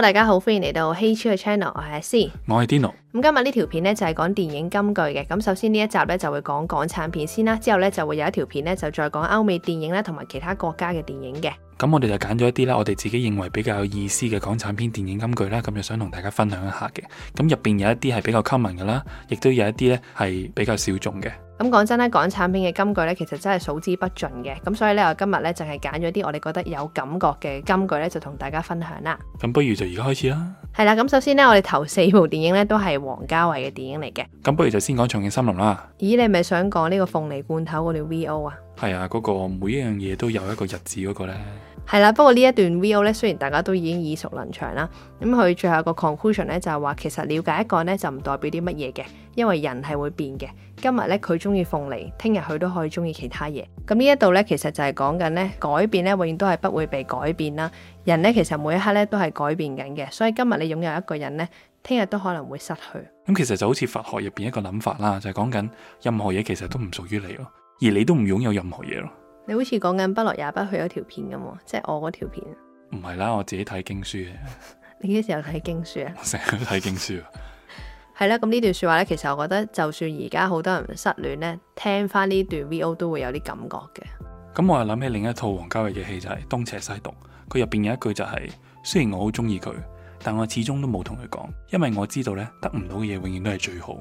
大家好，歡迎嚟到 HeyChill 嘅 channel，我係阿 C，我係 Dino。咁今日呢條片呢，就係講電影金句嘅。咁首先呢一集呢，就會講港產片先啦，之後呢，就會有一條片呢，就再講歐美電影啦，同埋其他國家嘅電影嘅。咁我哋就揀咗一啲啦，我哋自己認為比較有意思嘅港產片電影金句啦，咁就想同大家分享一下嘅。咁入邊有一啲係比較 common 嘅啦，亦都有一啲呢係比較小眾嘅。咁講真咧，港產片嘅金句咧，其實真係數之不盡嘅。咁所以咧，我今日咧淨係揀咗啲我哋覺得有感覺嘅金句咧，就同大家分享啦。咁不如就而家開始啦。係啦，咁首先咧，我哋頭四部電影咧都係王家衛嘅電影嚟嘅。咁不如就先講《重慶森林》啦。咦，你係咪想講呢個鳳梨罐頭嗰條 V.O. 啊？係啊，嗰個每一樣嘢都有一個日子嗰個咧。係啦，不過呢一段 video 咧，雖然大家都已經耳熟能詳啦，咁、嗯、佢最後個 conclusion 咧就係、是、話，其實了解一個人咧就唔代表啲乜嘢嘅，因為人係會變嘅。今日咧佢中意鳳梨，聽日佢都可以中意其他嘢。咁、嗯、呢一度咧，其實就係講緊咧改變咧，永遠都係不會被改變啦。人咧其實每一刻咧都係改變緊嘅，所以今日你擁有一個人咧，聽日都可能會失去。咁、嗯、其實就好似佛學入邊一個諗法啦，就係講緊任何嘢其實都唔屬於你咯，而你都唔擁有任何嘢咯。你好似講緊不落也不去嗰條片咁，即係我嗰條片。唔係啦，我自己睇經書嘅。 你幾時候睇經書啊？我成日都睇經書。係啦，咁呢段說話呢，其實我覺得就算而家好多人失戀呢，聽翻呢段 V.O. 都會有啲感覺嘅。咁我又諗起另一套王家衛嘅戲就係《東邪西毒》，佢入邊有一句就係：雖然我好中意佢，但我始終都冇同佢講，因為我知道呢，得唔到嘅嘢永遠都係最好。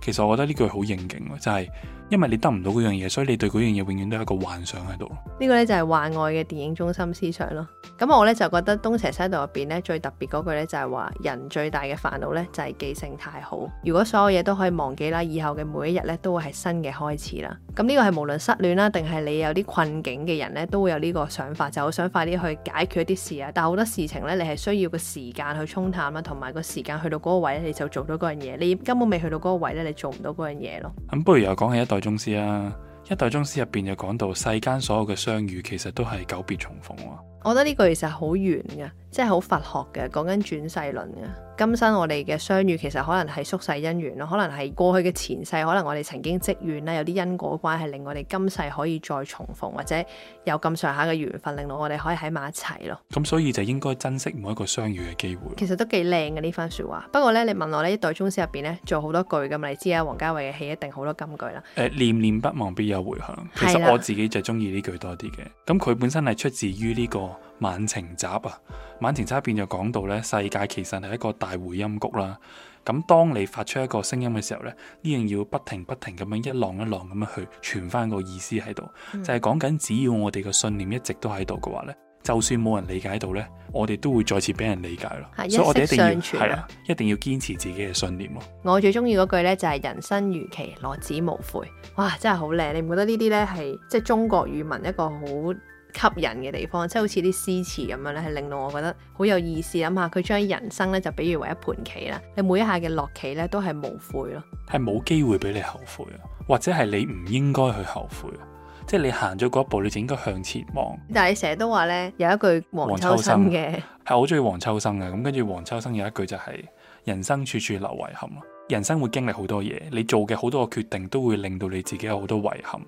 其實我覺得呢句好應景喎，就係因為你得唔到嗰樣嘢，所以你對嗰樣嘢永遠都有一個幻想喺度。呢個呢就係幻愛嘅電影中心思想咯。咁我呢就覺得《東邪西毒》入邊呢最特別嗰句呢，就係話：人最大嘅煩惱呢，就係記性太好。如果所有嘢都可以忘記啦，以後嘅每一日呢，都會係新嘅開始啦。咁呢個係無論失戀啦，定係你有啲困境嘅人呢，都會有呢個想法，就好想快啲去解決一啲事啊。但好多事情呢，你係需要個時間去沖淡啦，同埋個時間去到嗰個位呢，你就做到嗰樣嘢。你根本未去到嗰個位呢。你做唔到嗰樣嘢咯。咁不如又講起一代宗師啦。一代宗師入邊又講到世間所有嘅相遇，其實都係久別重逢喎。我覺得呢句其實好圓嘅，即係好佛學嘅，講緊轉世論嘅。今生我哋嘅相遇其實可能係宿世因緣咯，可能係過去嘅前世，可能我哋曾經積怨啦，有啲因果關係令我哋今世可以再重逢，或者有咁上下嘅緣分，令到我哋可以喺埋一齊咯。咁所以就應該珍惜每一個相遇嘅機會。其實都幾靚嘅呢番説話。不過呢，你問我呢，一代宗師入邊呢做好多句噶嘛，你知啊，王家衛嘅戲一定好多金句啦、呃。念念不忘必有回響。其實我自己就中意呢句多啲嘅。咁佢的本身係出自於呢、呢個。晚晴集啊，《晚晴集》啊，《晚晴集》入邊就講到咧，世界其實係一個大回音谷啦。咁當你發出一個聲音嘅時候咧，呢樣要不停不停咁樣一浪一浪咁樣去傳翻個意思喺度，嗯、就係講緊只要我哋嘅信念一直都喺度嘅話咧，就算冇人理解到咧，我哋都會再次俾人理解咯。是所以我哋一定要係啦、啊，一定要堅持自己嘅信念咯。我最中意嗰句咧就係人生如棋，落子無悔。哇，真係好靚！你唔覺得呢啲咧係即係中國語文一個好？吸引嘅地方，即係好似啲詩詞咁樣，咧，係令到我覺得好有意思。諗下佢將人生咧就比喻為一盤棋啦，你每一下嘅落棋咧都係無悔咯，係冇機會俾你後悔啊，或者係你唔應該去後悔啊，即係你行咗嗰一步你就應該向前望。但係你成日都話咧有一句黃秋生嘅係好中意黃秋生嘅，咁跟住黃秋生有一句就係人生處處留遺憾咯。人生會經歷好多嘢，你做嘅好多個決定都會令到你自己有好多遺憾。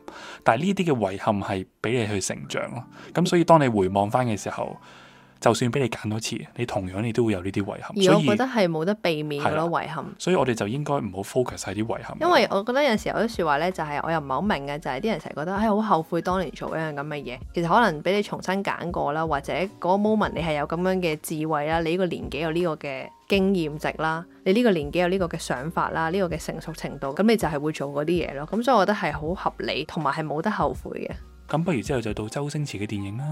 但係呢啲嘅遺憾係俾你去成長咯。咁所以當你回望翻嘅時候，就算俾你揀多次，你同樣你都會有呢啲遺憾。而我覺得係冇得避免咯遺憾。所以我哋就應該唔好 focus 喺啲遺憾。因為我覺得有時有啲説話呢、就係，就係我又唔係好明嘅，就係啲人成日覺得唉好、哎、後悔當年做一樣咁嘅嘢。其實可能俾你重新揀過啦，或者嗰個 moment 你係有咁樣嘅智慧啦，你呢個年紀有呢個嘅。經驗值啦，你呢個年紀有呢個嘅想法啦，呢個嘅成熟程度，咁你就係會做嗰啲嘢咯。咁所以我覺得係好合理，同埋係冇得後悔嘅。咁不如之後就到周星馳嘅電影啦。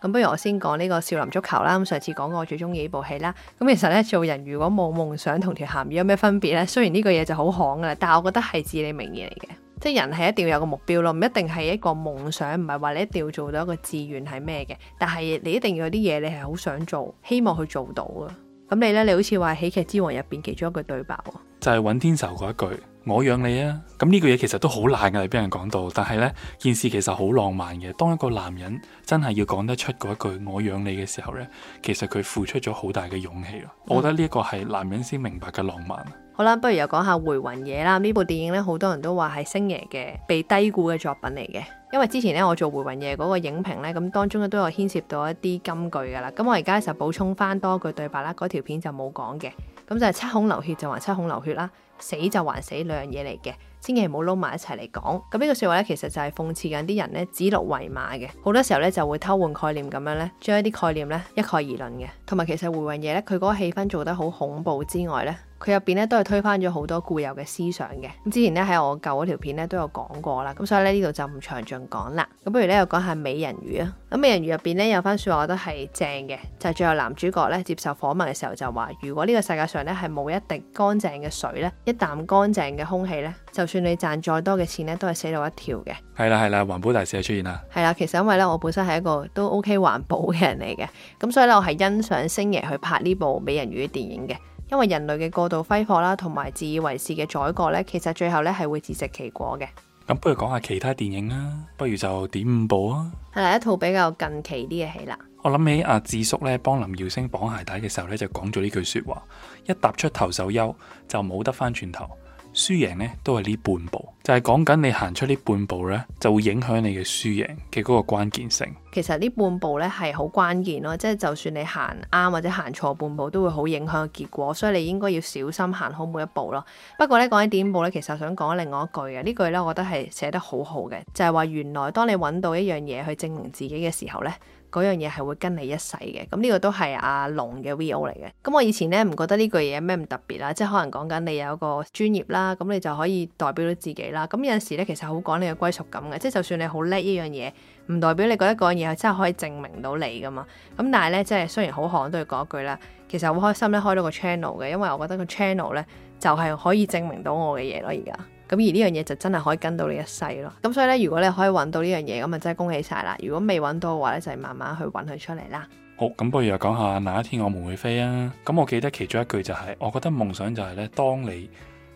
咁不如我先講呢個《少林足球》啦。咁上次講過我最中意呢部戲啦。咁其實呢，做人如果冇夢想同條咸魚有咩分別呢？雖然呢個嘢就好行噶啦，但係我覺得係至理名言嚟嘅。即係人係一定要有個目標咯，唔一定係一個夢想，唔係話你一定要做到一個志願係咩嘅。但係你一定要有啲嘢你係好想做，希望去做到噶。咁你咧？你好似話喜劇之王入邊其中一句對白喎，就係尹天仇嗰一句，我養你啊！咁呢句嘢，其實都好難嘅你俾人講到，但係呢件事其實好浪漫嘅。當一個男人真係要講得出嗰一句我養你嘅時候呢，其實佢付出咗好大嘅勇氣咯。嗯、我覺得呢一個係男人先明白嘅浪漫。好啦，不如又講下《回魂夜》啦。呢部電影咧，好多人都話係星爺嘅被低估嘅作品嚟嘅。因為之前咧，我做《回魂夜》嗰個影評咧，咁當中都有牽涉到一啲金句噶啦。咁我而家就補充返多句對白啦。嗰條片就冇講嘅，咁就係七孔流血就還七孔流血啦，死就還死，兩樣嘢嚟嘅。千祈唔好撈埋一齊嚟講，咁呢個説話咧，其實就係諷刺緊啲人咧，指鹿為馬嘅，好多時候咧就會偷換概念咁樣咧，將一啲概念咧一概而論嘅。同埋其實《回魂夜》咧，佢嗰個氣氛做得好恐怖之外咧，佢入邊咧都係推翻咗好多固有嘅思想嘅。咁之前咧喺我舊嗰條片咧都有講過啦，咁所以咧呢度就唔詳盡講啦。咁不如咧又講下《美人魚》啊，咁《美人魚》入邊咧有翻説話，我都係正嘅，就係最後男主角咧接受訪問嘅時候就話：如果呢個世界上咧係冇一滴乾淨嘅水咧，一啖乾淨嘅空氣咧。就算你賺再多嘅錢咧，都係死路一條嘅。係啦係啦，環保大使就出現啦。係啦，其實因為咧，我本身係一個都 OK 環保嘅人嚟嘅，咁所以咧，我係欣賞星爺去拍呢部美人魚嘅電影嘅，因為人類嘅過度揮霍啦，同埋自以為是嘅宰割咧，其實最後咧係會自食其果嘅。咁不如講下其他電影啊，不如就點五部啊。係啦，一套比較近期啲嘅戲啦。我諗起阿、啊、智叔咧，幫林耀星綁鞋帶嘅時候咧，就講咗呢句說話：一踏出頭手優，就冇得翻轉頭。輸贏咧都係呢半步，就係講緊你行出呢半步咧，就會影響你嘅輸贏嘅嗰個關鍵性。其實呢半步咧係好關鍵咯，即係就算你行啱或者行錯半步，都會好影響結果。所以你應該要小心行好每一步咯。不過咧講起點步咧，其實想講另外一句嘅，呢句咧我覺得係寫得好好嘅，就係話原來當你揾到一樣嘢去證明自己嘅時候咧。嗰樣嘢係會跟你一世嘅，咁呢個都係阿龍嘅 V.O. 嚟嘅。咁我以前呢，唔覺得呢句嘢咩唔特別啦，即係可能講緊你有一個專業啦，咁你就可以代表到自己啦。咁有陣時呢，其實好講你嘅歸屬感嘅，即係就算你好叻呢樣嘢，唔代表你覺得嗰樣嘢係真係可以證明到你㗎嘛。咁但係呢，即係雖然好喊都要講一句啦，其實好開心呢，開到個 channel 嘅，因為我覺得個 channel 呢，就係可以證明到我嘅嘢咯而家。咁而呢樣嘢就真係可以跟到你一世咯。咁所以呢，如果你可以揾到呢樣嘢，咁啊真係恭喜晒啦。如果未揾到嘅話呢，就係慢慢去揾佢出嚟啦。好，咁不如又講下哪一天我們會飛啊。咁我記得其中一句就係，我覺得夢想就係呢，當你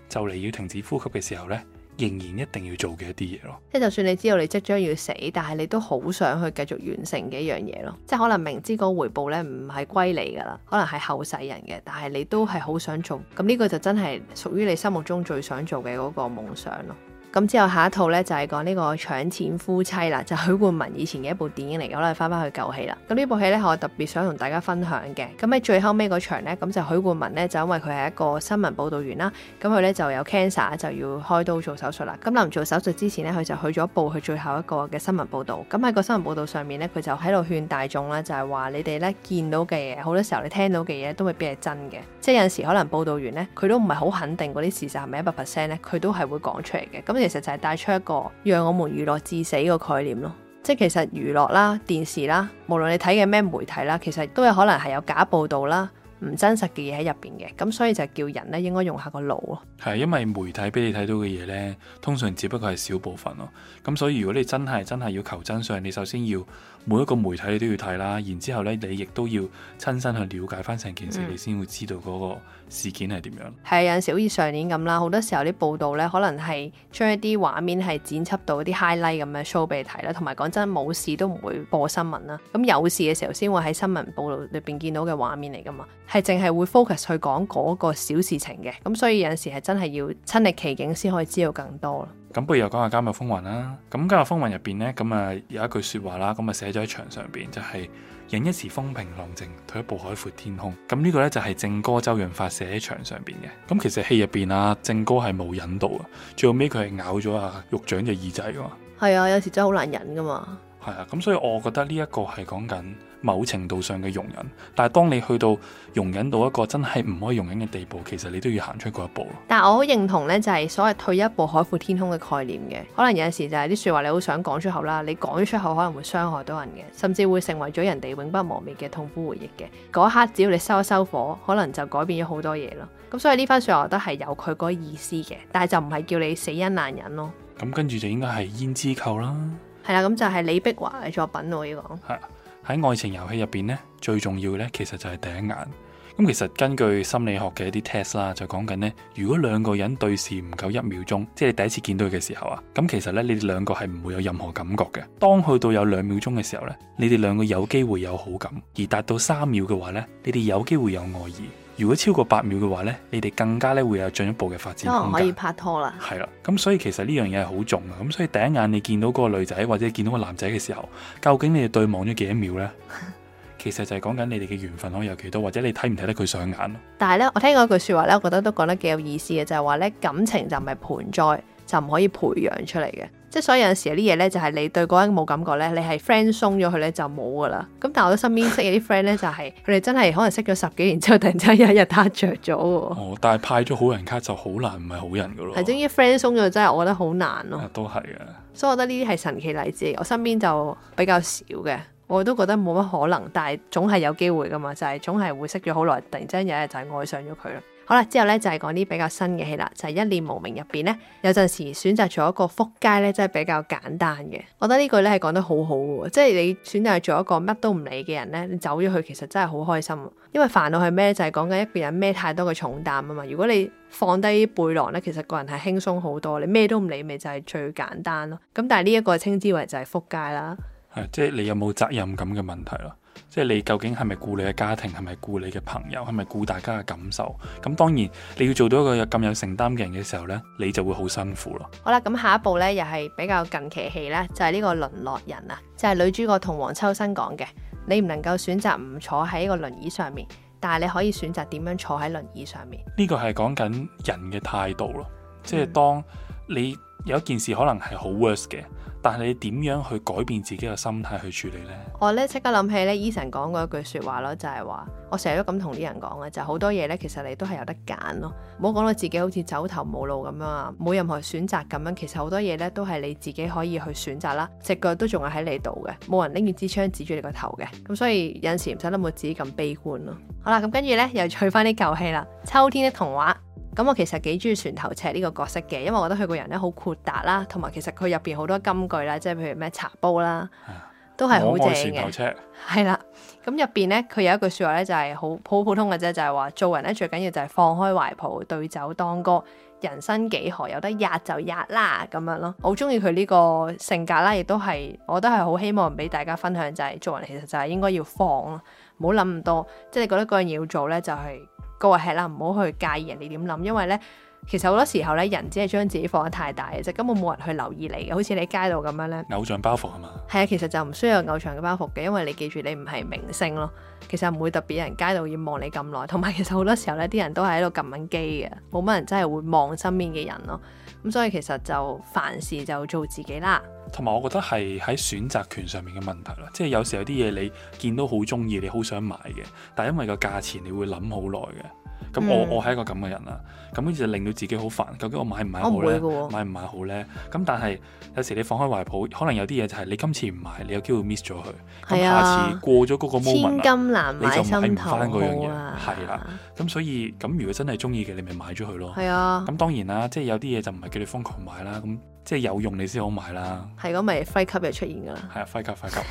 就嚟要停止呼吸嘅時候呢，仍然一定要做嘅一啲嘢咯，即係就算你知道你即將要死，但係你都好想去繼續完成嘅一樣嘢咯。即係可能明知個回報咧唔係歸你噶啦，可能係後世人嘅，但係你都係好想做，咁呢個就真係屬於你心目中最想做嘅嗰個夢想咯。咁之後下一套咧就係講呢個搶錢夫妻啦，就許冠文以前嘅一部電影嚟嘅，我哋翻翻去舊戲啦。咁呢部戲咧，我特別想同大家分享嘅。咁喺最後尾嗰場咧，咁就許冠文咧，就因為佢係一個新聞報導員啦，咁佢咧就有 cancer 就要開刀做手術啦。咁臨做手術之前咧，佢就去咗報佢最後一個嘅新聞報導。咁喺個新聞報導上面咧，佢就喺度勸大眾咧，就係話你哋咧，見到嘅嘢，好多時候你聽到嘅嘢都未必係真嘅，即係有陣時可能報導員咧，佢都唔係好肯定嗰啲事實係咪一百 percent 咧，佢都係會講出嚟嘅。咁其實就係帶出一個讓我們娛樂至死嘅概念咯，即係其實娛樂啦、電視啦，無論你睇嘅咩媒體啦，其實都有可能係有假報道啦、唔真實嘅嘢喺入邊嘅，咁所以就叫人咧應該用下個腦咯。係，因為媒體俾你睇到嘅嘢呢，通常只不過係小部分咯，咁所以如果你真係真係要求真相，你首先要。每一個媒體你都要睇啦，然之後咧你亦都要親身去了解翻成件事，嗯、你先會知道嗰個事件係點樣。係，有陣時好似上年咁啦，好多時候啲報道咧，可能係將一啲畫面係剪輯到啲 highlight 咁樣 show 俾你睇啦，同埋講真冇事都唔會播新聞啦。咁有事嘅時候先會喺新聞報道裏邊見到嘅畫面嚟噶嘛，係淨係會 focus 去講嗰個小事情嘅。咁所以有陣時係真係要親歷其境先可以知道更多啦。咁不如又講下《監獄風雲》啦。咁《監獄風雲》入邊呢，咁啊有一句說話啦，咁啊寫咗喺牆上邊，就係忍一時風平浪靜，退一步海闊天空。咁呢個呢，就係正哥周潤發寫喺牆上邊嘅。咁其實戲入邊啊，正哥係冇忍到啊，最後尾佢係咬咗啊獄長嘅耳仔噶嘛。係啊，有時真係好難忍噶嘛。係啊，咁所以我覺得呢一個係講緊，某程度上嘅容忍，但係當你去到容忍到一個真係唔可以容忍嘅地步，其實你都要行出嗰一步咯。但係我好認同呢，就係、是、所謂退一步海闊天空嘅概念嘅。可能有陣時就係啲說話，你好想講出口啦，你講咗出口可能會傷害到人嘅，甚至會成為咗人哋永不磨滅嘅痛苦回憶嘅。嗰一刻只要你收一收火，可能就改變咗好多嘢咯。咁所以呢番說話，都係有佢嗰個意思嘅，但係就唔係叫你死忍爛忍咯。咁、嗯、跟住就應該係胭脂扣啦。係啦，咁就係李碧華嘅作品我呢講。係、這個。 喺愛情遊戲入邊呢，最重要呢，其實就係第一眼。咁、嗯、其實根據心理學嘅一啲 test 啦，就講緊呢：如果兩個人對視唔夠一秒鐘，即係你第一次見到佢嘅時候啊，咁、嗯、其實呢，你哋兩個係唔會有任何感覺嘅。當去到有兩秒鐘嘅時候呢，你哋兩個有機會有好感；而達到三秒嘅話呢，你哋有機會有愛意。如果超過八秒嘅話呢，你哋更加咧會有進一步嘅發展能。當然可以拍拖啦。係啦，咁所以其實呢樣嘢係好重啊。咁所以第一眼你見到嗰個女仔或者見到個男仔嘅時候，究竟你哋對望咗幾多秒呢？其實就係講緊你哋嘅緣分可以有幾多，或者你睇唔睇得佢上眼咯？但係呢，我聽過一句説話呢，我覺得都講得幾有意思嘅，就係話呢，感情就唔係盆栽。就唔可以培養出嚟嘅，即係所以有陣時有啲嘢咧，就係、是、你對嗰個人冇感覺咧，你係 friend 鬆咗佢咧就冇噶啦。咁但係我啲身邊識嘅啲 friend 咧，就係佢哋真係可能識咗十幾年之後，突然之間有一日打着咗喎。哦，但係派咗好人卡就好難唔係好人噶咯。係，至於 friend 鬆咗真係我覺得好難咯，啊。都係嘅，所以我覺得呢啲係神奇例子，我身邊就比較少嘅，我都覺得冇乜可能，但係總係有機會噶嘛，就係、是、總係會識咗好耐，突然之間有一日就係愛上咗佢咯。好啦，之後咧就係講啲比較新嘅戲啦，就係、是、一念無名入邊咧，有陣時選擇做一個仆街咧，真係比較簡單嘅。我覺得呢句咧係講得好好嘅，即係你選擇做一個乜都唔理嘅人咧，你走咗去其實真係好開心啊。因為煩惱係咩，就係講緊一個人孭太多嘅重擔啊嘛。如果你放低背囊咧，其實個人係輕鬆好多。你咩都唔理，咪就係最簡單咯。咁但係呢一個稱之為就係仆街啦。係即係你有冇責任感嘅問題咯。即係你究竟係咪顧你嘅家庭，係咪顧你嘅朋友，係咪顧大家嘅感受？咁當然你要做到一個咁有承擔嘅人嘅時候呢，你就會好辛苦咯。好啦，咁下一步呢，又係比較近期戲呢，就係呢個《淪落人》啊，就係女主角同黃秋生講嘅：你唔能夠選擇唔坐喺一個輪椅上面，但係你可以選擇點樣坐喺輪椅上面。呢個係講緊人嘅態度咯，即係當你有一件事可能係好 worse 嘅。但係你點樣去改變自己嘅心態去處理呢？我呢，即刻諗起呢。Eason 講過一句說話咯，就係話我成日都咁同啲人講嘅，就好多嘢呢，其實你都係有得揀咯，唔好講到自己好似走投無路咁樣啊，冇任何選擇咁樣，其實好多嘢呢，都係你自己可以去選擇啦，隻腳都仲係喺你度嘅，冇人拎住支槍指住你個頭嘅，咁所以有陣時唔使諗到自己咁悲觀咯。好啦，咁跟住呢，又取翻啲舊戲啦，《秋天的童話》。咁我其實幾中意船頭尺呢個角色嘅，因為我覺得佢個人咧好豁達啦，同埋其實佢入邊好多金句啦，即係譬如咩茶煲啦，都係好正嘅。係啦，咁入邊咧佢有一句說話咧就係好好普通嘅啫，就係話做人咧最緊要就係放開懷抱，對酒當歌，人生幾何，有得吔就吔啦咁樣咯。我中意佢呢個性格啦，亦都係，我都係好希望俾大家分享就係做人其實就係應該要放咯，唔好諗咁多，即係你覺得嗰樣嘢要做咧就係。各位係啦，唔好去介意人哋點諗，因為咧，其實好多時候咧，人只係將自己放得太大，其實，根本冇人去留意你嘅，好似你街度咁樣咧。偶像包袱啊嘛。係啊，其實就唔需要偶像嘅包袱嘅，因為你記住你唔係明星咯，其實唔會特別人街度要望你咁耐。同埋其實好多時候咧，啲人都係喺度撳緊機嘅，冇乜人真係會望身邊嘅人咯。咁所以其實就凡事就做自己啦。同埋我覺得係喺選擇權上面嘅問題啦，即係有時有啲嘢你見到好中意，你好想買嘅，但因為個價錢，你會諗好耐嘅。咁、嗯、我我係一個咁嘅人啦，咁就令到自己好煩。究竟我買唔買好咧？啊、買唔買好咧？咁但係有時你放開懷抱，可能有啲嘢就係你今次唔買，你有機會 miss 咗佢。係啊。下次過咗嗰個 moment，、啊、你就唔買翻嗰樣嘢。係啦、啊。咁、啊、所以咁如果真係中意嘅，你咪買咗佢咯。係啊。咁當然啦，即係有啲嘢就唔係叫你瘋狂買啦。咁即係有用你先好買啦。係、啊，咁咪 Fight Club 又出現噶啦。係啊，Fight Club、Fight Club。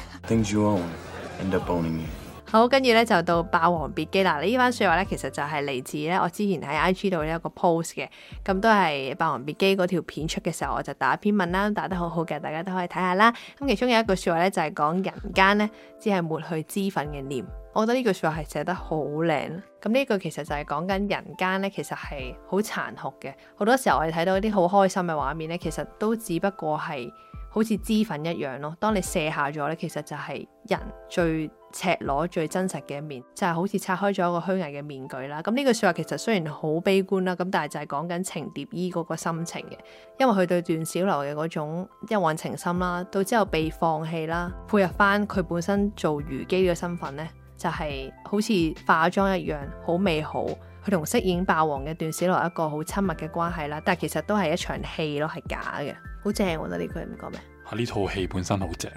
好，跟住咧就到《霸王別姬》啦。呢番説話咧，其實就係嚟自咧我之前喺 IG 度呢一個 post 嘅，咁都係《霸王別姬》嗰條片出嘅時候，我就打一篇文啦，打得好好嘅，大家都可以睇下啦。咁其中有一句説話咧，就係講人間咧，只係抹去脂粉嘅臉。我覺得呢句説話係寫得好靚。咁呢句其實就係講緊人間咧，其實係好殘酷嘅。好多時候我哋睇到啲好開心嘅畫面咧，其實都只不過係。好似脂粉一樣咯。當你卸下咗咧，其實就係人最赤裸、最真實嘅一面，就係好似拆開咗一個虛偽嘅面具啦。咁呢句説話其實雖然好悲觀啦，咁但係就係講緊程蝶衣嗰個心情嘅，因為佢對段小樓嘅嗰種一往情深啦，到之後被放棄啦，配合翻佢本身做虞姬嘅身份咧，就係好似化咗妝一樣，好美好。佢同飾演霸王嘅段小樓一個好親密嘅關係啦，但係其實都係一場戲、啊啊、 咯，係假嘅，好正我覺得呢句唔講咩？啊，呢套戲本身好正，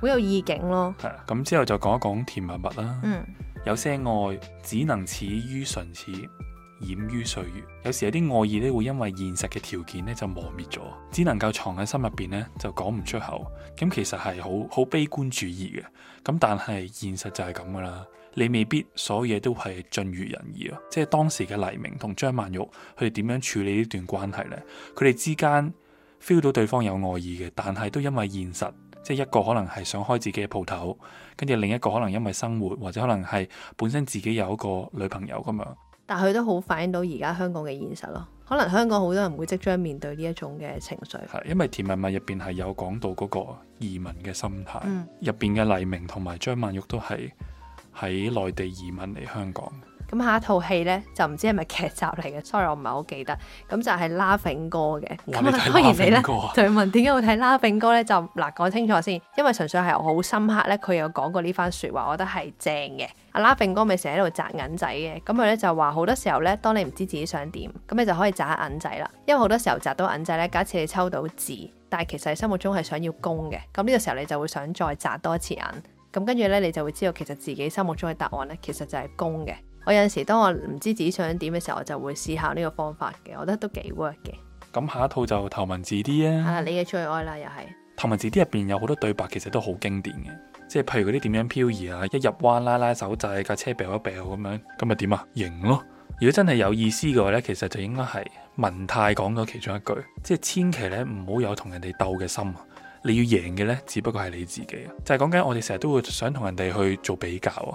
好有意境咯。係咁之後就講一講甜蜜蜜啦。嗯，有些愛只能止於唇齒，掩於歲月。有時有啲愛意咧，會因為現實嘅條件咧就磨滅咗，只能夠藏喺心入邊咧就講唔出口。咁其實係好好悲觀主義嘅，咁但係現實就係咁噶啦。你未必所有嘢都係盡如人意咯，即係當時嘅黎明同張曼玉佢哋點樣處理呢段關係咧？佢哋之間 feel 到對方有愛意嘅，但係都因為現實，即係一個可能係想開自己嘅鋪頭，跟住另一個可能因為生活或者可能係本身自己有一個女朋友咁樣，但係佢都好反映到而家香港嘅現實咯，可能香港好多人會即將面對呢一種嘅情緒，係因為《甜蜜蜜》入邊係有講到嗰個移民嘅心態，入邊嘅黎明同埋張曼玉都係。喺內地移民嚟香港。咁下一套戲呢就唔知係咪劇集嚟嘅？sorry，我唔係好記得。咁就係、是、Laughing 哥嘅咁啊。咁當然你呢， 就問點解會睇 Laughing 哥呢？就嗱講清楚先，因為純粹係好深刻呢佢有講過呢番説話，我覺得係正嘅。阿 Laughing 哥咪成日喺度摘銀仔嘅咁佢呢就話好多時候呢，當你唔知自己想點咁，你就可以摘銀仔啦。因為好多時候摘到銀仔呢，假設你抽到字，但係其實你心目中係想要供嘅，咁呢個時候你就會想再摘多一次銀。咁跟住呢，你就會知道其實自己心目中嘅答案呢，其實就係公嘅。我有陣時當我唔知自己想點嘅時候，我就會試下呢個方法嘅，我覺得都幾 work 嘅。咁下一套就頭文字 D 啊！你嘅最愛啦，又係頭文字 D。入邊有好多對白，其實都好經典嘅。即係譬如嗰啲點樣漂移啊，一入彎拉拉手掣，架車 boom boom 咁樣，咁咪點啊？型咯！啊！如果真係有意思嘅話呢，其實就應該係文太講咗其中一句，即係千祈呢唔好有同人哋鬥嘅心啊！你要贏嘅咧，只不過係你自己啊！就係講緊我哋成日都會想同人哋去做比較啊，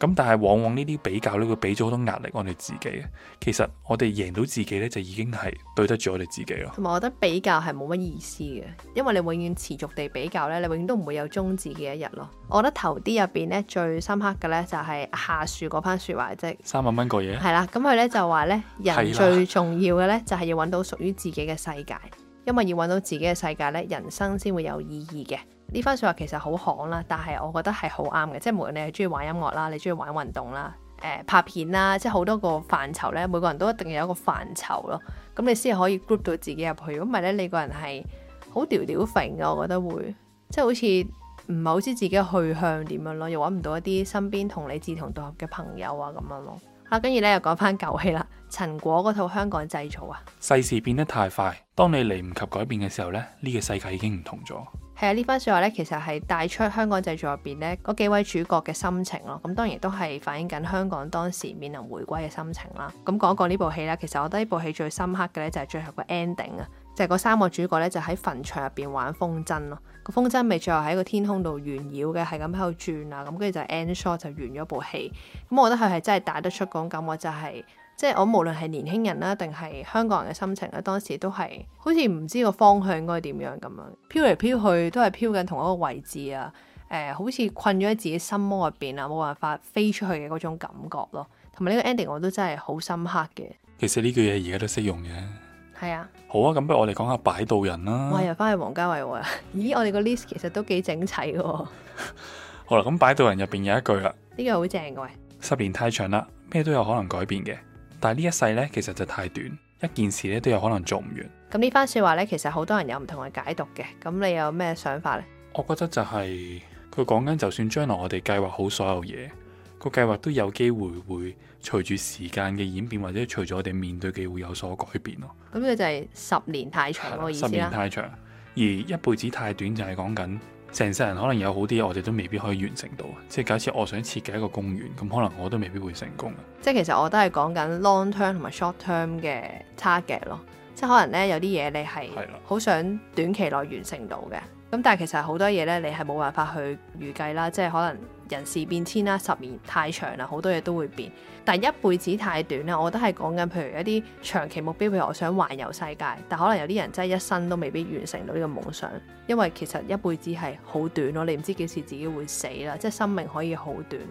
咁但係往往呢啲比較咧會俾咗好多壓力我哋自己。其實我哋贏到自己咧就已經係對得住我哋自己咯。同埋我覺得比較係冇乜意思嘅，因為你永遠持續地比較咧，你永遠都唔會有終止嘅一日咯。我覺得頭啲入邊咧最深刻嘅咧就係夏樹嗰番説話，即三萬蚊過夜，係啦，咁佢咧就話咧，人最重要嘅咧就係要揾到屬於自己嘅世界。因為要揾到自己嘅世界呢，人生先會有意義嘅。呢番説話其實好行啦，但係我覺得係好啱嘅。即係無論你係中意玩音樂啦，你中意玩運動啦，誒、呃、拍片啦，即係好多個範疇呢，每個人都一定要有一個範疇咯。咁你先可以 group 到自己入去。如果唔係咧，你個人係好吊吊揈嘅，我覺得會即係好似唔係好知自己去向點樣咯，又揾唔到一啲身邊同你志同道合嘅朋友啊咁樣咯。好，跟住呢，又講翻舊戲啦。陳果嗰套香港製造啊！世事變得太快，當你嚟唔及改變嘅時候呢，呢、呢個世界已經唔同咗。係啊，呢番說話呢，其實係帶出香港製造入邊呢嗰幾位主角嘅心情咯。咁當然都係反映緊香港當時面臨回歸嘅心情啦。咁講一講呢部戲咧，其實我覺得呢部戲最深刻嘅呢，就係最後個 ending 啊，就係個三個主角呢，就喺、是、墳場入邊玩風箏咯。個風箏咪最後喺個天空度旋繞嘅，係咁喺度轉啊，咁跟住就 end shot 就完咗部戲。咁我覺得佢係真係打得出嗰種感覺，就係。即係我無論係年輕人啦，定係香港人嘅心情咧，當時都係好似唔知個方向應該點樣咁樣飄嚟飄去，都係飄緊同一個位置啊。誒、呃，好似困咗喺自己心魔入邊啊，冇辦法飛出去嘅嗰種感覺咯。同埋呢個 ending 我都真係好深刻嘅。其實呢句嘢而家都適用嘅。係啊。好啊，咁不如我哋講下擺渡人啦。喂，又翻去王家衞喎、啊。 咦？我哋個 list 其實都幾整齊喎。 好啦，咁擺渡人入邊有一句啦。呢 句好正嘅喂。十年太長啦，咩都有可能改變嘅。但係呢一世呢，其實就太短，一件事咧都有可能做唔完。咁呢番說話呢，其實好多人有唔同嘅解讀嘅。咁你有咩想法呢？我覺得就係佢講緊，就算將來我哋計劃好所有嘢，個計劃都有機會會隨住時間嘅演變，或者隨住我哋面對嘅會有所改變咯。咁佢就係十年太長個意思啦。的十年太長，而一輩子太短就係講緊，成世人可能有好啲嘢，我哋都未必可以完成到。即係假設我想設計一個公園，咁可能我都未必會成功。即係其實我都係講緊 long term 同埋 short term 嘅 target 咯。即係可能咧，有啲嘢你係好想短期內完成到嘅。咁的但係其實好多嘢咧，你係冇辦法去預計啦。即係可能。人事變遷啦，十年太長啦，好多嘢都會變。但係一輩子太短啦，我覺得係講緊，譬如一啲長期目標，譬如我想環遊世界，但可能有啲人真係一生都未必完成到呢個夢想，因為其實一輩子係好短咯，你唔知幾時自己會死啦，即係生命可以好短。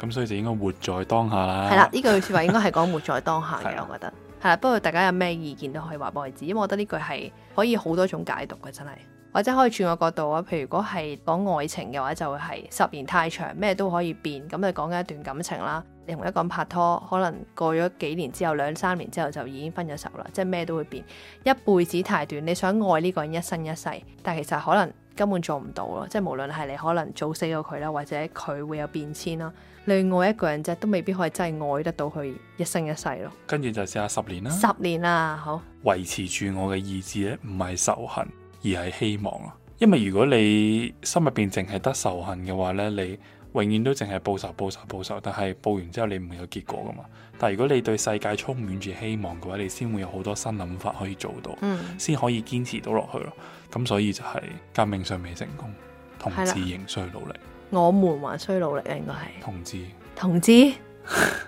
咁所以就應該活在當下啦。係啦，呢句説話應該係講活在當下嘅， 了我覺得係啦。不過大家有咩意見都可以話俾我知，因為我覺得呢句係可以好多種解讀嘅，真係。或者可以轉個角度啊，譬如如果係講愛情嘅話，就會係十年太長，咩都可以變咁。就講緊一段感情啦，你同一個人拍拖，可能過咗幾年之後，兩三年之後就已經分咗手啦，即係咩都會變。一輩子太短，你想愛呢個人一生一世，但其實可能根本做唔到咯。即係無論係你可能早死咗佢啦，或者佢會有變遷啦，你愛一個人啫，都未必可以真係愛得到佢一生一世咯。跟住就試下十年啦。十年啊，好維持住我嘅意志咧，唔係仇恨，而係希望咯，因為如果你心入邊淨係得仇恨嘅話呢，你永遠都淨係報仇、報仇、報仇，但係報完之後你唔會有結果㗎嘛。但係如果你對世界充滿住希望嘅話，你先會有好多新諗法可以做到，先、嗯、可以堅持到落去咯。咁所以就係革命尚未成功，同志仍需努力。我們還需努力啊，應該係同志，同志。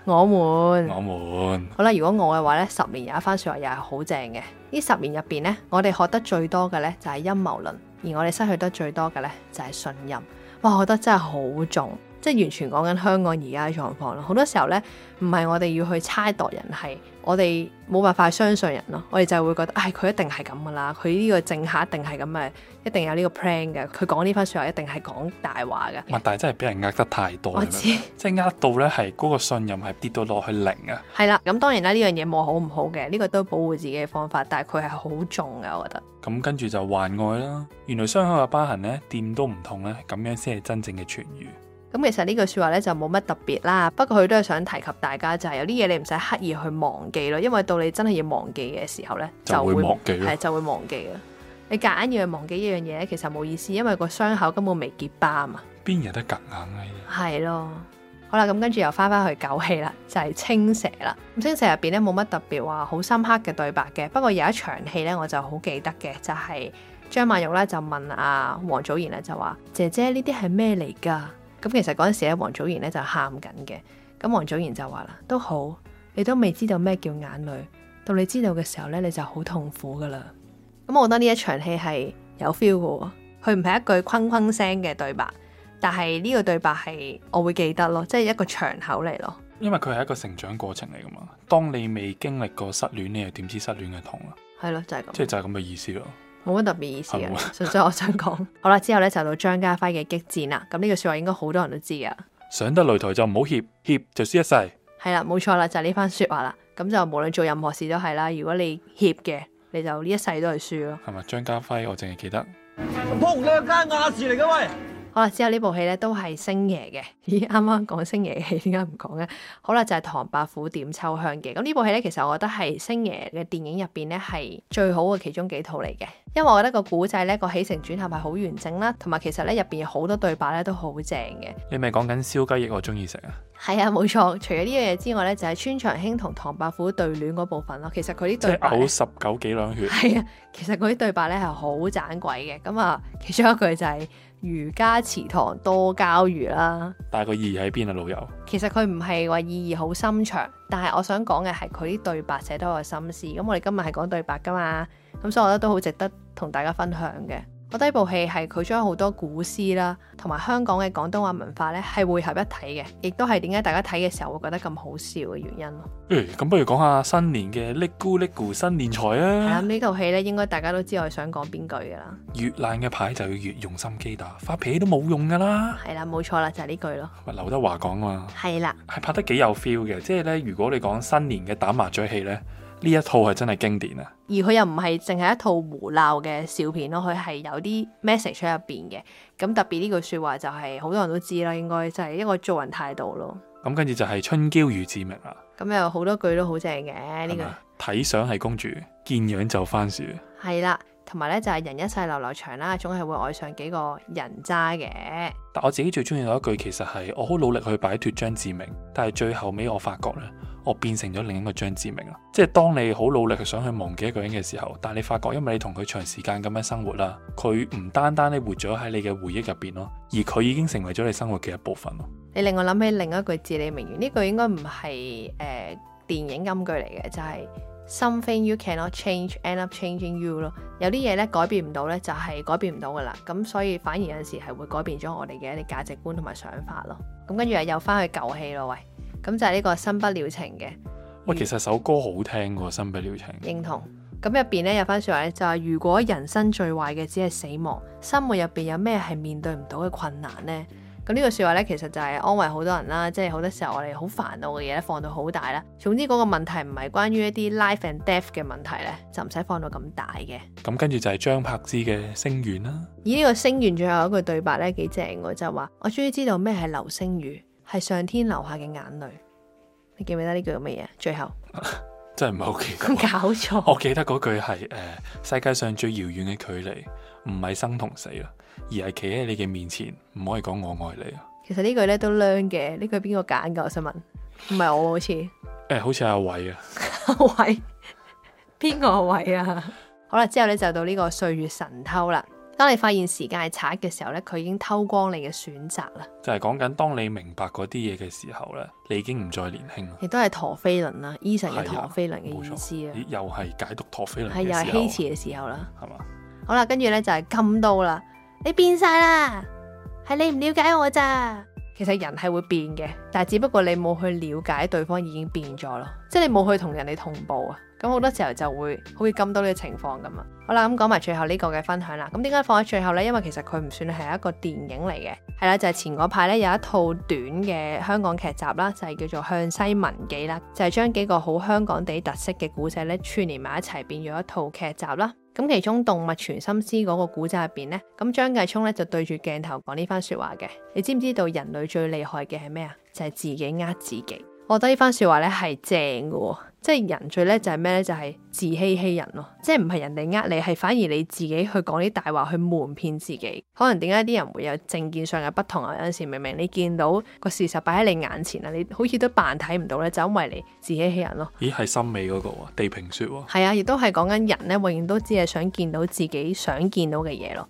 我悶，我悶們。好啦，如果我嘅話呢，十年有一番說話又係好正嘅。呢十年入邊，呢我哋學得最多嘅呢就係陰謀論，而我哋失去得最多嘅呢就係信任。哇，我覺得真係好重。即係完全講緊香港而家嘅狀況咯，好多時候呢，唔係我哋要去猜度人，係我哋冇辦法相信人咯，我哋就會覺得，唉，佢一定係咁噶啦，佢呢個政客一定係咁嘅，一定有呢個 plan 嘅，佢講呢番説話一定係講大話嘅。但係真係俾人呃得太多啦，我知，即係呃到呢係嗰個信任係跌到落去零啊。係啦，咁當然啦，呢樣嘢冇好唔好嘅，呢個都保護自己嘅方法，但係佢係好重嘅，我覺得。咁跟住就患癌啦。原來傷口嘅疤痕呢，掂都唔痛呢，咁樣先係真正嘅痊愈。咁其實呢句説話咧就冇乜特別啦。不過佢都係想提及大家，就係有啲嘢你唔使刻意去忘記咯，因為到你真係要忘記嘅時候呢，就會忘記，係就會忘記啊。你夾硬要去忘記呢樣嘢其實冇意思，因為個傷口根本未結疤啊嘛。邊日都夾硬啊？係咯。好啦，咁跟住又翻翻去舊戲啦，就係青蛇啦。咁青蛇入邊呢，冇乜特別話好深刻嘅對白嘅，不過有一場戲呢，我就好記得嘅，就係張曼玉呢，就問阿王祖賢呢，就話：姐姐呢啲係咩嚟㗎？咁其實嗰陣時咧，王祖賢咧就喊緊嘅。咁王祖賢就話啦：都好，你都未知道咩叫眼淚，到你知道嘅時候咧，你就好痛苦噶啦。咁我覺得呢一場戲係有 feel 噶，佢唔係一句昆昆聲嘅對白，但係呢個對白係我會記得咯，即係一個場口嚟咯。因為佢係一個成長過程嚟噶嘛，當你未經歷過失戀，你又點知失戀嘅痛啊？係咯，就係咁。即係就係咁嘅意思咯。冇乜特別意思㗎， 純粹我想講。 好啦，之後咧就到張家輝嘅激戰啦。咁呢句説話應該好多人都知㗎。上得擂台就唔好怯，怯就輸一世。係啦，冇錯啦，就係呢番説話啦。咁就無論做任何事都係啦。如果你怯嘅，你就呢一世都係輸咯。係咪張家輝？我淨係記得。撲你間亞視嚟嘅喂！ 好啦，之後呢部戲咧都係星爺嘅。咦，啱啱講星爺嘅戲，點解唔講咧？好啦，就係、是、唐伯虎點秋香嘅。咁呢部戲咧，其實我覺得係星爺嘅電影入邊咧係最好嘅其中幾套嚟嘅，因為我覺得個古仔咧個起承轉合係好完整啦，同埋其實咧入邊好多對白咧都好正嘅。你咪講緊燒雞翼我，我中意食啊。係啊，冇錯。除咗呢樣嘢之外咧，就係、是、川長興同唐伯虎對戀嗰部分咯。其實佢啲對好十九幾兩血。係啊，其實嗰啲對白咧係好盞鬼嘅。咁啊，其中一句就係、是。儒家祠堂多交魚啦，但係個意義喺邊啊？老友，其實佢唔係話意義好深長，但係我想講嘅係佢啲對白寫得我心思。咁我哋今日係講對白噶嘛，咁所以我覺得都好值得同大家分享嘅。我覺得呢部戲係佢將好多古詩啦，同埋香港嘅廣東話文化呢係匯合一體嘅，亦都係點解大家睇嘅時候會覺得咁好笑嘅原因咯。咁、欸、不如講下新年嘅嚦咕嚦咕新年財啦啊！係啊，呢套戲呢應該大家都知我想講邊句噶啦。越爛嘅牌就要越用心機打，發脾氣都冇用噶啦。係啦，冇錯啦，就係、是、呢句咯。劉德華講啊嘛。係啦。係拍得幾有 feel 嘅，即係呢，如果你講新年嘅打麻雀戲呢。呢一套係真係經典啊！而佢又唔係淨係一套胡鬧嘅笑片咯，佢係有啲 message 出喺入邊嘅。咁特別呢句説話就係好多人都知啦，應該就係一個做人態度咯。咁跟住就係春嬌與志明啦。咁有好多句都好正嘅呢個。睇相係公主，見樣就番薯。係啦，同埋咧就係人一世流流長啦，總係會愛上幾個人渣嘅。但我自己最中意有一句，其實係我好努力去擺脫張志明，但係最後尾我發覺咧。我變成咗另一個張志明啦，即係當你好努力去想去忘記一個人嘅時候，但係你發覺，因為你同佢長時間咁樣生活啦，佢唔單單咧活咗喺你嘅回憶入邊咯，而佢已經成為咗你生活嘅一部分咯。你令我諗起另一句至理名言，呢句應該唔係誒電影金句嚟嘅，就係 something you cannot change, end up changing you 咯。有啲嘢咧改變唔到咧，就係改變唔到噶啦。咁所以反而有陣時係會改變咗我哋嘅一啲價值觀同埋想法咯。咁跟住又翻去舊戲咯，喂。咁就係呢個新不了情嘅。喂，其實首歌好聽喎，啊，新不了情。認同。咁入邊咧有翻說話咧，就係如果人生最壞嘅只係死亡，生活入邊有咩係面對唔到嘅困難呢？咁呢個說話咧，其實就係安慰好多人啦。即係好多時候我哋好煩惱嘅嘢咧，放到好大啦。總之嗰個問題唔係關於一啲 life and death 嘅問題咧，就唔使放到咁大嘅。咁跟住就係張柏芝嘅星願啦。而呢個星願最後一句對白咧幾正嘅，就係話，我終於知道咩係流星雨。係上天留下嘅眼淚，你記唔記得呢句乜嘢？最後 真係唔係好奇怪，咁搞錯。 我記得嗰句係誒，世界上最遙遠嘅距離唔係生同死啊，而係企喺你嘅面前，唔可以講我愛你啊。其實句呢句咧都靚嘅，呢句邊個揀噶？我想問，唔係我好似誒，好似、 欸、阿偉啊，偉邊個偉啊？ 好啦，之後咧就到呢個歲月神偷啦。當你發現時間係賊嘅時候咧，佢已經偷光你嘅選擇啦。就係講緊當你明白嗰啲嘢嘅時候咧，你已經唔再年輕。亦都係陀飛輪啦，Eason 嘅陀飛輪嘅意思啦。又係解讀陀飛輪係又係 HeyChill 嘅時候啦。係嘛？吧好啦，跟住咧就係咁多啦。你變晒啦，係你唔了解我咋？其實人係會變嘅，但係只不過你冇去了解對方已經變咗咯，即係你冇去同人哋同步啊。咁好多時候就會好似咁多嘅情況咁啊。好啦，咁講埋最後呢個嘅分享啦。咁點解放喺最後呢？因為其實佢唔算係一個電影嚟嘅，係啦，就係、是、前嗰排呢，有一套短嘅香港劇集啦，就係、是、叫做《向西文記》啦，就係、是、將幾個好香港地特色嘅古仔呢串連埋一齊，變咗一套劇集啦。咁其中《動物全心思》嗰個古仔入邊呢，咁張繼聰呢，就對住鏡頭講呢番説話嘅。你知唔知道人類最厲害嘅係咩啊？就係、是、自己呃自己。我覺得呢番説話呢係正嘅。即係人最叻就係咩咧？就係、是、自欺欺人咯，即係唔係人哋呃你，係反而你自己去講啲大話去瞞騙自己。可能點解啲人會有政見上有不同啊？有陣時明明你見到個事實擺喺你眼前啦，你好似都扮睇唔到咧，就因為你自欺欺人咯。咦，係森美嗰、那個喎，《地平說》喎。係啊，亦都係講緊人咧，永遠都只係想見到自己想見到嘅嘢咯。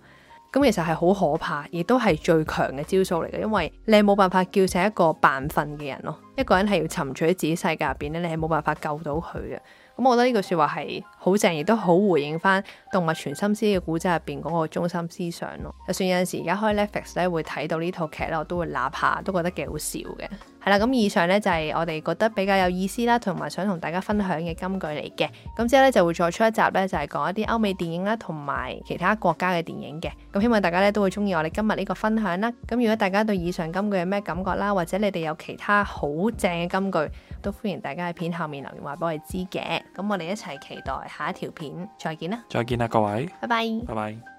咁其實係好可怕，亦都係最強嘅招數嚟嘅，因為你係冇辦法叫醒一個扮瞓嘅人囉。一個人係要沉醉喺自己世界入面嘅，你係冇辦法救到佢嘅。咁我覺得呢句說話係好正，亦都好回應翻《動物全心思》嘅古仔入邊嗰個中心思想咯。就算有陣時而家開 Netflix 咧，會睇到呢套劇咧，我都會拿下，都覺得幾好笑嘅。係啦，咁以上呢，就係我哋覺得比較有意思啦，同埋想同大家分享嘅金句嚟嘅。咁之後咧就會再出一集咧，就係講一啲歐美電影啦，同埋其他國家嘅電影嘅。咁希望大家咧都會中意我哋今日呢個分享啦。咁如果大家對以上金句有咩感覺啦，或者你哋有其他好正嘅金句？都歡迎大家喺片後面留言話畀我哋知嘅，咁我哋一齊期待下一條片，再見啦！再見啦，各位，拜拜 bye，拜拜。